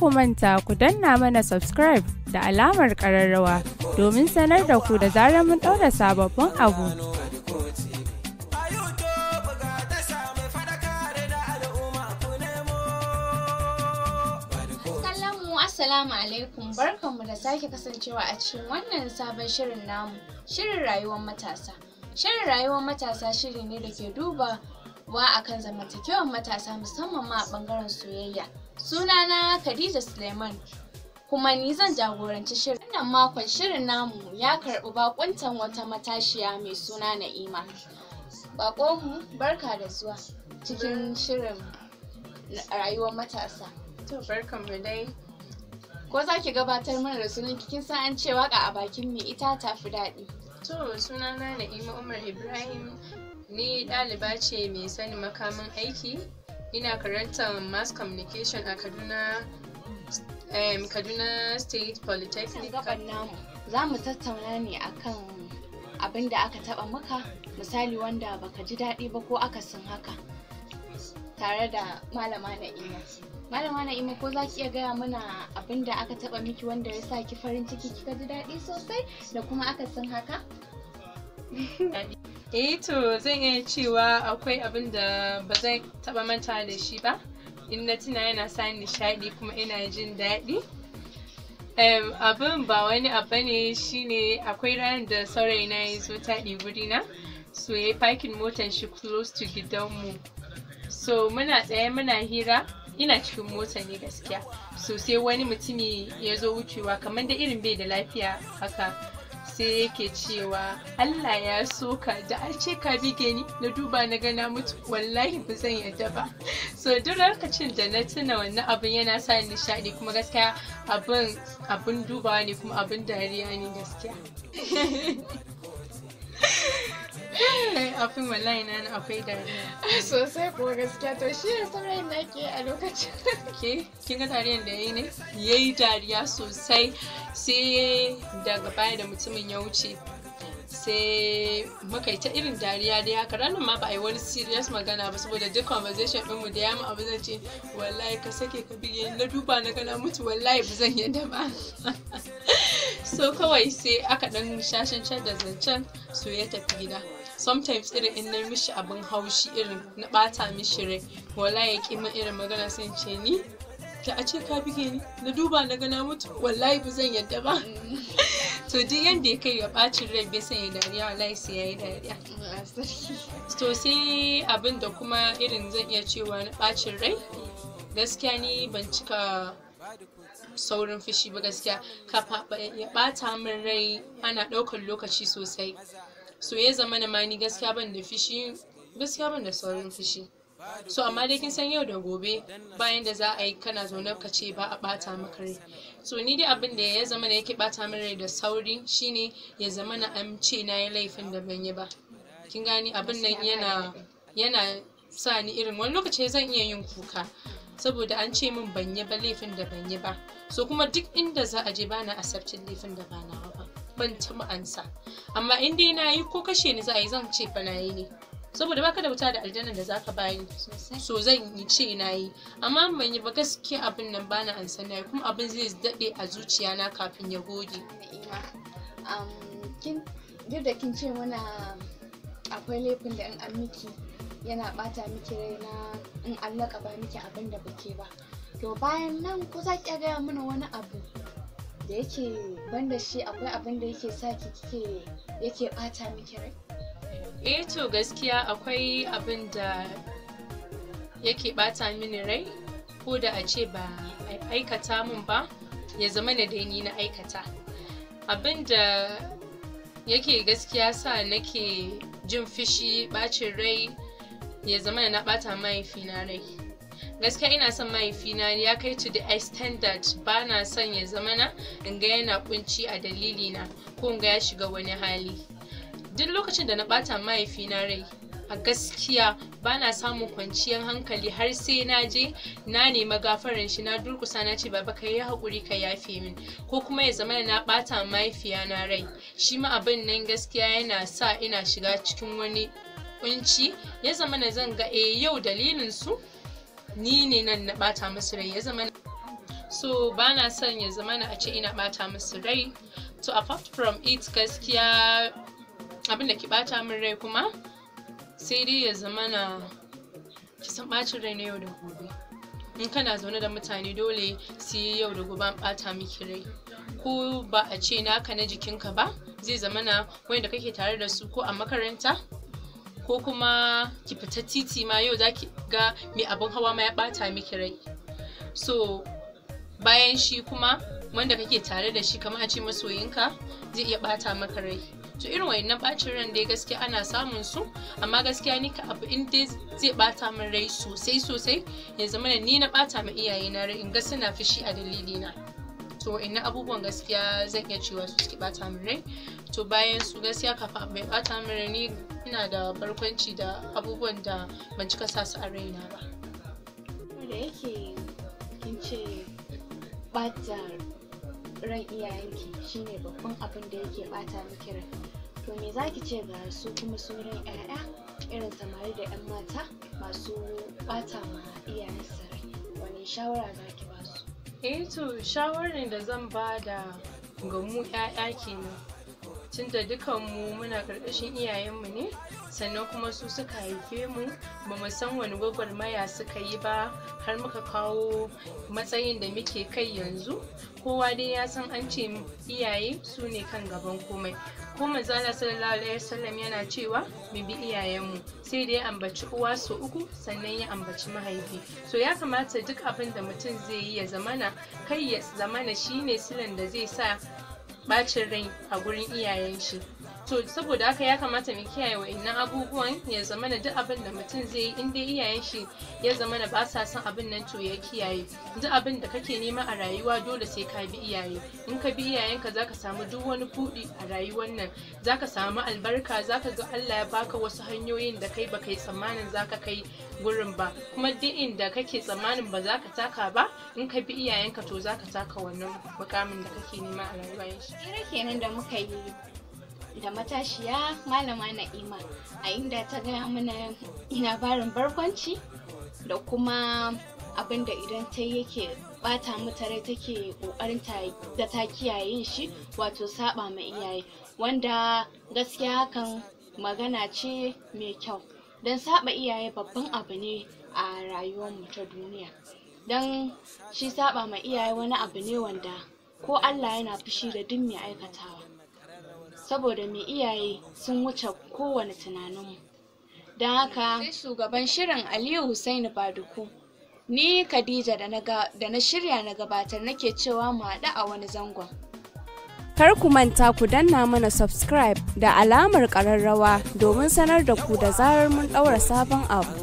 ku manta ku danna mana subscribe da alamar kararrawa domin sanar da ku da zarar mun ɗaura sababbin abu. Assalamu alaikum barkanmu da sake kasancewa a cikin wannan sabon shirin namu shirin rayuwar matasa. Shirin rayuwar matasa shiri ne da ke duba wa akan zamantakewar matasa musamman ma a ɓangaren soyayya. Sunana Khadija Suleiman kuma ni zan jagoranci shirin. Wannan makon shirin namu ya karɓi bakuntan wata matashiya mai suna Na'ima. mu barka da zuwa cikin shirin rayuwar matasa. To barkan mu dai. Ko za ki gabatar mana da sunan kin san an ce waka a bakin mai ita ta fi daɗi. To sunana Na'ima Umar Ibrahim ni ɗaliba ce mai sani makamin aiki ina karantar mass communication a kaduna um, kaduna state polytechnic namu za mu tattauna ne akan abin da aka taba maka misali wanda baka ji daɗi ba ko akasin haka tare da malama na'ima malama na'ima ko za ki iya gaya mana abin da aka taba miki wanda ya sa ki farin ciki kika ji daɗi sosai da kuma akasin haka eh to zan iya cewa akwai abin da ba zan taba manta da shi ba in na tuna yana sa nishaɗi kuma ina jin daɗi um, abin ba wani abu ne shine akwai ranar da saurayina ya zo taɗi wurina. so ya yi parking motar shi close to mu. so muna tsaye muna hira ina cikin mota ne gaskiya so sai wani mutumi ya zo wucewa kamar da irin bai da lafiya haka sai yake cewa Allah ya soka da an ce ka bige ni na duba na gana mutu wallahi ba zan yadda ba so duk lokacin da na tuna wannan abin yana sa ni nishaɗi kuma gaskiya abin abin dubawa ne kuma abin dariya ne gaskiya Afin wallahi na akwai dariya. Sosai kuwa gaskiya to shi ya saurayin na ke a lokacin. Ke, kin ga tariyan da ya yi ne? Ya yi dariya sosai sai daga baya da mutumin ya wuce. sai muka yi ta irin dariya dai haka ranar ma ba a yi wani serious magana ba saboda duk conversation ɗinmu da ya mu abu zan ce wallahi ka sake ka bige na duba na gana mutu wallahi ba zan yadda ba so kawai sai aka ɗan shashin da zancen so ya tafi gida sometimes irin in na mishi abin haushi irin na bata mishi rai wala ya ƙi min irin magana sun ce ni da a ce ka bige ni na duba na gana mutu wallahi ba zan yadda ba to duk yadda ya kai ya bacin rai bai san ya dariya wallahi sai ya yi dariya to sai abin da kuma irin zan iya cewa na bacin rai gaskiya ni ban cika saurin fushi ba gaskiya kafa ya bata min rai ana ɗaukar lokaci sosai so ya zama na mani gaskiya ban da fishi gaskiya ban da saurin fishi so amma dai kin san yau da gobe bayan da za a yi kana zaune ka ce ba a bata maka rai so ni dai abin da ya zama na yake bata min rai da sauri shine ya zama na an ce na yi laifin da ban yi ba kin gani abin nan yana yana sa ni irin wani lokaci zan iya yin kuka saboda an ce min ban yi ba laifin da ban yi ba so kuma duk inda za a je bana accepting laifin da ba ban ci ansa amma in dai na yi ko kashe ni za a yi zan ce fa na yi ne saboda baka da wuta da aljanna da zaka bayi so zan yi ce na yi amma ban yi ba gaskiya abin nan bana ansa na yi kuma abin zai daɗe a zuciya na kafin ya goge duk da kin ce muna akwai laifin da in an miki yana bata miki rai na in allaka ba miki abin da bake ba to bayan nan ko za ki gaya mana wani abu da yake banda shi akwai abin da yake sa ki kike yake bata miki rai eh to gaskiya akwai abin da yake bata mini rai ko da a ce ba aikata min ba ya zama na dai ni na aikata abin da yake gaskiya sa nake jin fishi bacin rai ya zama na bata mahaifina rai gaskiya ina son mahaifina ya kai to the extent that ba na son ya zama na in ga yana kunci a dalili na ko in ga ya shiga wani hali duk lokacin da na bata mahaifina rai a gaskiya ba na samun kwanciyar hankali har sai na je na nema gafaran shi na durkusa na ce baba ka yi haƙuri ka yafe min ko kuma ya zama na ɓata mahaifiya na rai shi ma abin nan gaskiya yana sa ina shiga cikin wani kunci ya zama na zan ga e yau dalilin su ni ne nan na bata musu rai ya zama so ba na son ya zama na a ce ina bata musu rai to apart from it gaskiya abin da ki bata min rai kuma sai dai ya zama na ki san bacin rai na yau da gobe in kana zaune da mutane dole su yi yau da gobe an bata miki rai ko ba a ce naka na jikinka ba zai zama na wanda kake tare da su ko a makaranta ko kuma ki fita titi ma yau zaki ga me abin hawa ma ya bata miki rai so bayan shi kuma wanda kake tare da shi kamar a ce masoyinka zai iya bata maka rai to irin wayannan bacin ran dai gaskiya ana samun su amma gaskiya ni ka abu in dai zai bata min rai sosai sosai ya zama da ni na bata ma iyaye na rai in ga suna fushi a dalili na to wayannan abubuwan gaskiya zan iya cewa su suke bata min rai to bayan su gaskiya kafin abu ya bata min rai ni ina da barkwanci da abubuwan da ban cika sa su a raina ba da yake kin ce bata ran iyayenki shine babban abin da yake bata miki rai to me ki ce ga su kuma sunan 'ya'ya irin samari da 'yan mata masu bata ma iyayensu rai wani shawara ki ba su eh to shawarar da zan ba da ga mu 'ya'ya kenan tunda dukanmu muna karkashin iyayenmu ne sannan kuma su suka haife mu ba mu san wani gwagwarmaya suka yi ba har muka kawo matsayin da muke kai yanzu kowa dai ya san an ce iyaye su ne kan gaban komai ko manzala sallallahu alaihi wasallam yana cewa mu bi iyayenmu sai da ya ambaci uwa su uku sannan ya ambaci mahaifi so ya kamata duk abin da mutum zai yi ya zamana kai ya zamana shine silan da zai sa bacin rai a gurin a shi to saboda haka ya kamata mu kiyaye wa'annan abubuwan ya zama na duk abin da mutum zai yi in dai iyayen shi ya zama na ba sa son abin nan to ya kiyaye duk abin da kake nema a rayuwa dole sai ka bi iyaye in ka bi iyayenka ka samu duk wani buɗi a rayuwar nan za ka samu albarka za ka ga Allah ya baka wasu hanyoyin da kai baka yi tsammanin za ka kai gurin ba kuma duk inda kake tsammanin ba za ka taka ba in ka bi iyayenka to za ka taka wannan mukamin da kake nema a rayuwa kenan da muka yi da matashiya malama na'ima a inda ta gaya mana labarin barkwanci da kuma abinda idan ta yake bata mata rai take kokarin da ta kiyaye shi wato saba ma iyaye wanda gaskiya hakan magana ce mai kyau don saba iyaye babban abu ne a rayuwarmu ta duniya don shi saba ma iyaye wani abu ne wanda ko Allah yana fushi da duk mai aikatawa saboda mai iyaye sun wuce kowane tunaninmu don haka sai shugaban shirin aliyu hussaini baduku ni khadija da na shirya na gabatar nake cewa mu haɗu a wani zangon kar ku manta ku danna mana subscribe da alamar ƙararrawa domin sanar da ku da zarar mun ɗaura sabon abu